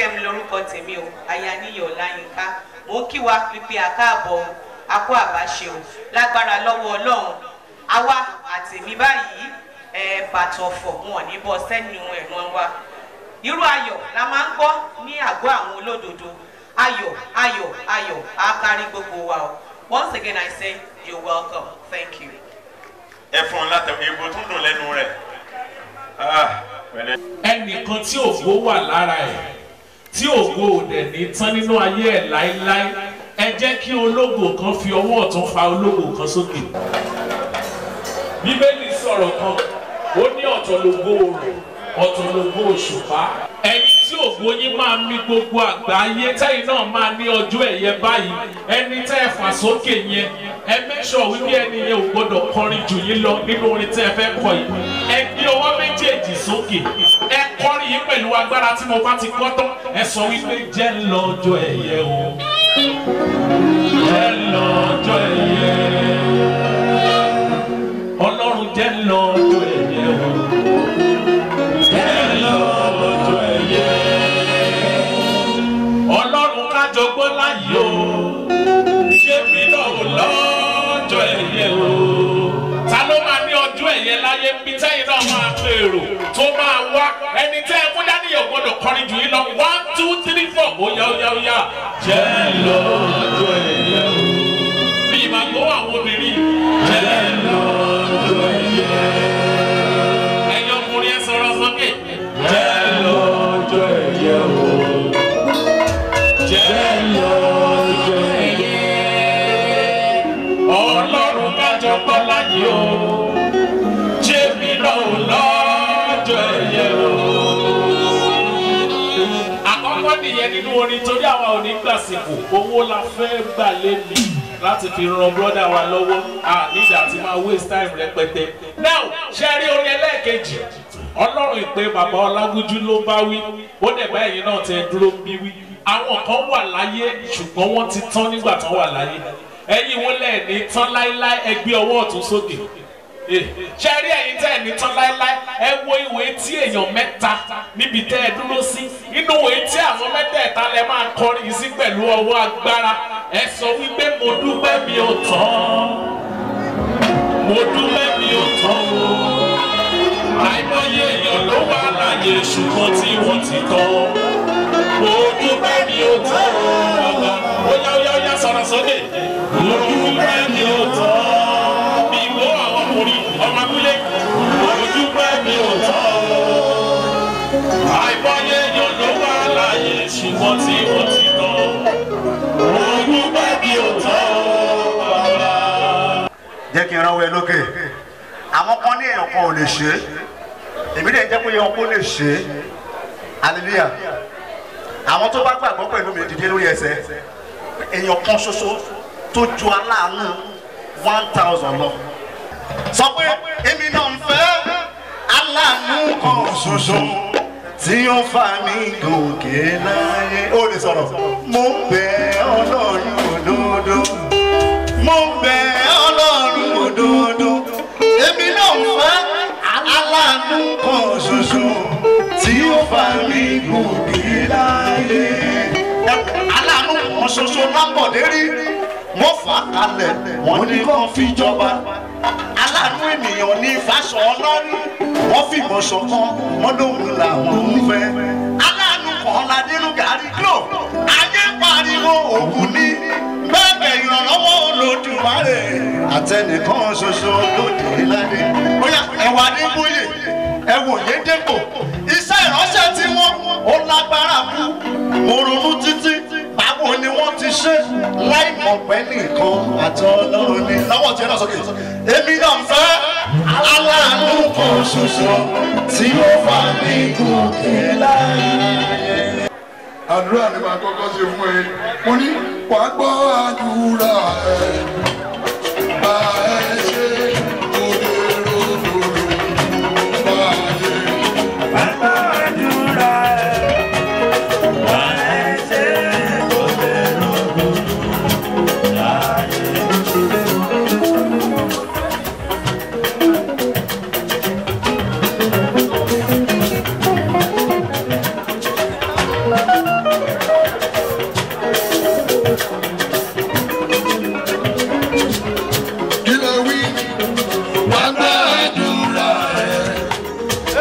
tẹ́mi lórúkọ tèmi o Ayaníyọ̀ Ọláyínká mò ń kí wa pípé àkáàbọ̀ akó àbáṣe o lágbára lọ́wọ́ ọlọ́run àwa àtèmi báyìí ẹ bàtọ̀fọ̀ wọn ní bọ́ sẹ́nu ẹ̀wọ̀n wa irú ayọ̀ la máa ń gbọ́ ní àgọ́ àwọn olódodo ayọ̀ ayọ̀ ayọ̀ á kárí gbogbo wa o once again I say you're welcome thank you. ẹ fún un látọ̀ èèbò tún dùn lẹ́nu rẹ̀ ah, ẹnìkan tí ògbó wà lára ẹ̀ tí ògo òdẹ̀ ní tán nínú ayé ẹ̀ láéláé ẹ jẹ́ kí ológo kan fi ọwọ́ ọ̀tún fa ológo kan sókè bíbélì sọ̀rọ̀ kan ó ní ọ̀tọ̀ lógo oòrùn ọ̀tọ̀ lógo òṣùpá ẹ̀yin tí ògo yín máa mì gbogbo àgbáyé tẹ́yìn náà máa ní ọjọ́ ẹ̀yẹ báyìí ẹni tẹ́ ẹ fà sókè yẹn ẹ mẹ́sọ̀ wípé ẹni yẹn ò gbọ́dọ̀ kọrin jù yín lọ nínú orin tẹ́ ẹ fẹ́ kọ yìí ẹ yìí pẹ̀lú agbára tí mo bá ti gbọ́ tán ẹ sọ wípé jẹ́ lọ́jọ́ ẹ̀yẹ o jẹ́ lọ́jọ́ ẹ̀yẹ ọlọ́run jẹ́ lọ́jọ́ ẹ̀yẹ o jẹ́ lọ́jọ́ ẹ̀yẹ ọlọ́run kájọgbọ́n láyò ṣé mi náà lọ́ọ́. yẹn láyé bí tẹ́yìn náà máa pe èrò tó máa wá ẹni tẹ́ ẹ múdá níyàn gbọ́dọ̀ kọrin jù yín lọ one two three four ó yá ó yá ó yá jẹ́ lọ́jọ́ ẹ̀. ẹyẹ o. àkọ́kọ́ nìyẹn nínú orin torí àwa ò ní gbàsìkò owó la fẹ́ gbà lébi láti fi ran brọ́dà wa lọ́wọ́ nígbà tí máa waste time rẹpẹtẹ. now ṣe rí orin ẹlẹ́ẹ̀kejì ọlọ́run ìpè bàbá ọlágúnjú ló bá wí ó dẹ̀ bá ẹ̀yin náà tẹ dúró ń bí wí àwọn kan wà láyé ṣùgbọ́n wọ́n ti tán nígbà tán wà láyé ẹ̀yin wọn lẹ́ẹ̀ ní tán láéláé ẹgbẹ́ ọwọ́ ọ̀tún sókè ṣẹ́rí ẹ̀yin tẹ́ ẹ̀ nítán láéláé ẹ wo ìwé tí èèyàn mẹ́ta níbi tẹ́ ẹ dúró sí inú ìwé tí àwọn mẹ́tẹ̀ẹ̀ta lẹ máa kọrin sí pẹ̀lú ọwọ́ agbára ẹ sọ wípé mo dúpẹ́ mi ò tán mo dúpẹ́ mi ò tán o àìmọye èèyàn ló wà láyé ṣùgbọ́n tí wọ́n ti tán mo dúpẹ́ mi ò tán ó yá ó yá ó yá sọ̀rọ̀ sókè. nǹkan tí mo ti lọ ogún pẹ́ bí o tọ́ bàbá. jẹ́ kí n ránwọ́ ẹ lókè àwọn kan ní èèyàn kan ò lè ṣe é èmi dẹ̀ jẹ́ pé èèyàn kan lè ṣe é àwọn tó bá gbàgbọ́ pẹ̀lú mi dìde lórí ẹsẹ̀ èèyàn ṣoṣo tó ju aláàánú one thousand lọ. sọ pé èmi náà ń fẹ́ aláàánú kan ṣoṣo tí ó fà mí gòkè láyé. ó lè sọ̀rọ̀ mo ń bẹ ọlọ́run òdodo mo ń bẹ ọlọ́run òdodo èmi náà ń fẹ́ aláàánú kan ṣoṣo tí ó fà mí gòkè láyé. aláàánú kan ṣoṣo lápọ̀dé rí wọ́n fà á kalẹ̀ wọ́n ní kó fi jọba aláàánú ènìyàn ní fásọ ọlọ́run wọ́n fìbọn ṣọ̀kan wọ́n lóhùn làwọn ń fẹ́. aláàánú kan ládínú gàrí glo ayé pariwo ògùn ní bẹ́ẹ̀ ìrànlọ́wọ́ olódùmarè àtẹnìkan ṣoṣo lóde ládé. bóyá ẹwà ní bóyè ẹwò yédèpò iṣẹ́ ìránṣẹ́ tí wọ́n ó lágbára kú mo ronú títí báwo ni wọ́n ti ṣe láì mọ̀ nìkan àtọ́ lọ́rùn ni. lọ́wọ́ tiẹ̀ náà sókè aláàánú kan ṣoṣo tí ó fà mí gòkè láàyè. àdúrà ni màá kọ́kọ́ ṣe fún ẹ mo ní wàá àdúrà ẹ.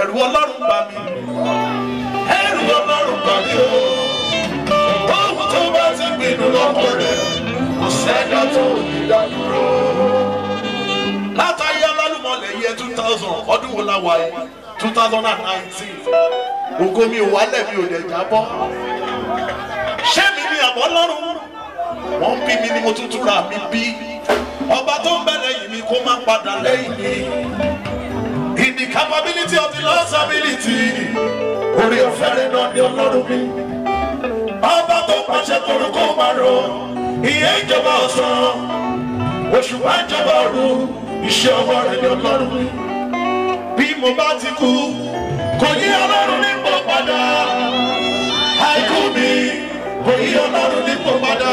ẹ̀rù ọlọ́run gbà mí ẹ̀rù ọlọ́run gbà mí o ohun tó bá ti pinnu lọ́kàn rẹ̀ kò sẹ́jọ́ tó ní dádúró. látàyé alálùmọ̀lẹ̀ yẹ two thousand ọdún wo la wà yìí two thousand and nineteen ògo mi ò wálẹ̀ mi ò dẹ̀ jábọ́ ṣé mi ni àbọ̀ lọ́rùn wọ́n bí mi ni mo tún túra mi bí ọba tó ń bẹ lẹ́yìn mi kó má padà lẹ́yìn mi the capability of the Lord's ability. Orí ọ̀fẹ́ rẹ̀ náà ni Ọlọ́run mi. Ọba tó pàṣẹ korúkọ máa rọ, ìyẹn ìjọba ọ̀sán. Òṣùpá ìjọba ọ̀run, iṣẹ́ ọwọ́ rẹ̀ ni Ọlọ́run mi. Bí mo bá ti kú, kò yí Ọlọ́run ní pò padà. Àìkú mi, kò yí Ọlọ́run ní padà.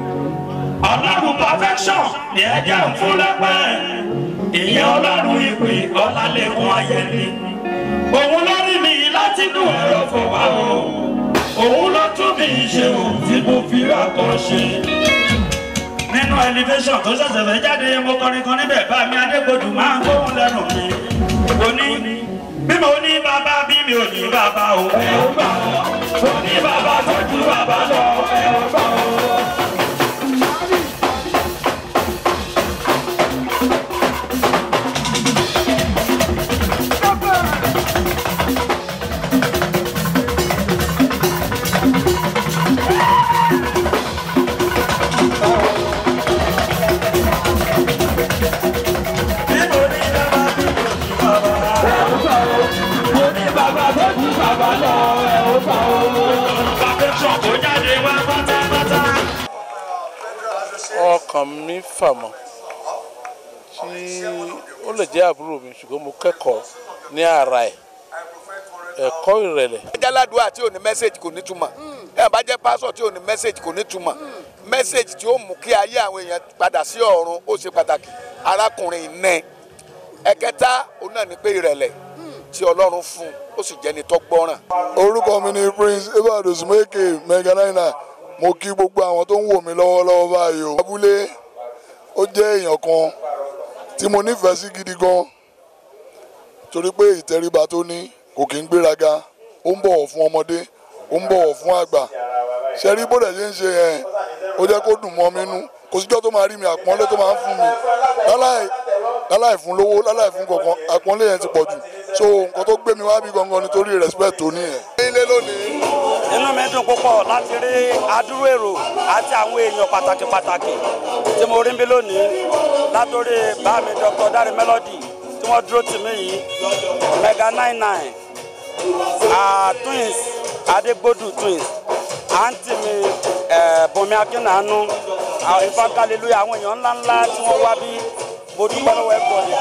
ọlọ́run perfection ni ẹ jẹ́ ń fún lẹ́pẹ́ ìyẹn ọlọ́run ìpè ọlálẹ́kùn ayẹni òun ló rí mi láti inú ẹ̀rọ fọwọ́ o òun ló tún mi ṣe o tí mo fi rà ṣe. nínú elevation tó ṣẹ̀ṣẹ̀ fẹ́ jáde mo kọrin kan níbẹ̀ bá mi adégbodù máa ń gbóhùn lẹ́nu mi òní bí mo ní bàbá bí mi ò ní bàbá o ẹ̀ ò gbà ọ́ òní bàbá tó ju bàbá lọ ẹ̀ ò gbà ọ́. fà mọ́ tí ó lè jẹ́ àbúrò mi ṣùgbọ́n mo kẹ́kọ̀ọ́ ní ara ẹ̀ ẹ̀kọ́ ìrẹ̀lẹ̀. ẹjáládùá tí o ní mẹ́sẹ̀gì kò ní túmọ̀ hmm. ẹ̀ bá tí o ni k'o mú kí ayé àwọn èèyàn padà sí ọ̀run ó ṣe pàtàkì arákùnrin nẹ́ òun náà pé hmm. orúkọ mi ni prince mo gbogbo àwọn tó ń wò mí lọ́wọ́lọ́wọ́ báyìí ó jẹ́ èèyàn kan tí mo nífẹ̀ẹ́ sí gidi gan torí pé ìtẹríba tó ní kò kí ń gbéraga ó ń bọ̀wọ̀ fún ọmọdé ó ń bọ̀wọ̀ fún àgbà ṣẹ́rí bó dẹ̀ ṣe ń ṣe yẹn ó jẹ́ kó dùn mọ́ mi nú kò síjọ́ tó máa rí mi àpọ́nlé tó máa ń fún mi láláì fún lówó láláì fún kankan àpọ́nlé yẹn ti pọ̀ jù so nǹkan tó gbé mi wá bí gangan nítorí respect tó ní yẹn. ilé lónìí inú mi dùn púpọ̀ láti rí adúrú èrò àti àwọn èèyàn pàtàkì pàtàkì tí mo rí bí lónìí látòrí bá mi Dr. Dare Melody tí wọ́n dúró tì mí yìí Mega 99 twins Adegbodu twins àǹtí mi Bùnmi Akínàánú ìfọ̀nkálẹ́lúyà àwọn èèyàn ńláńlá tí wọ́n wá bí mo dúpẹ́ lọ́wọ́ ẹ̀kọ́ ni.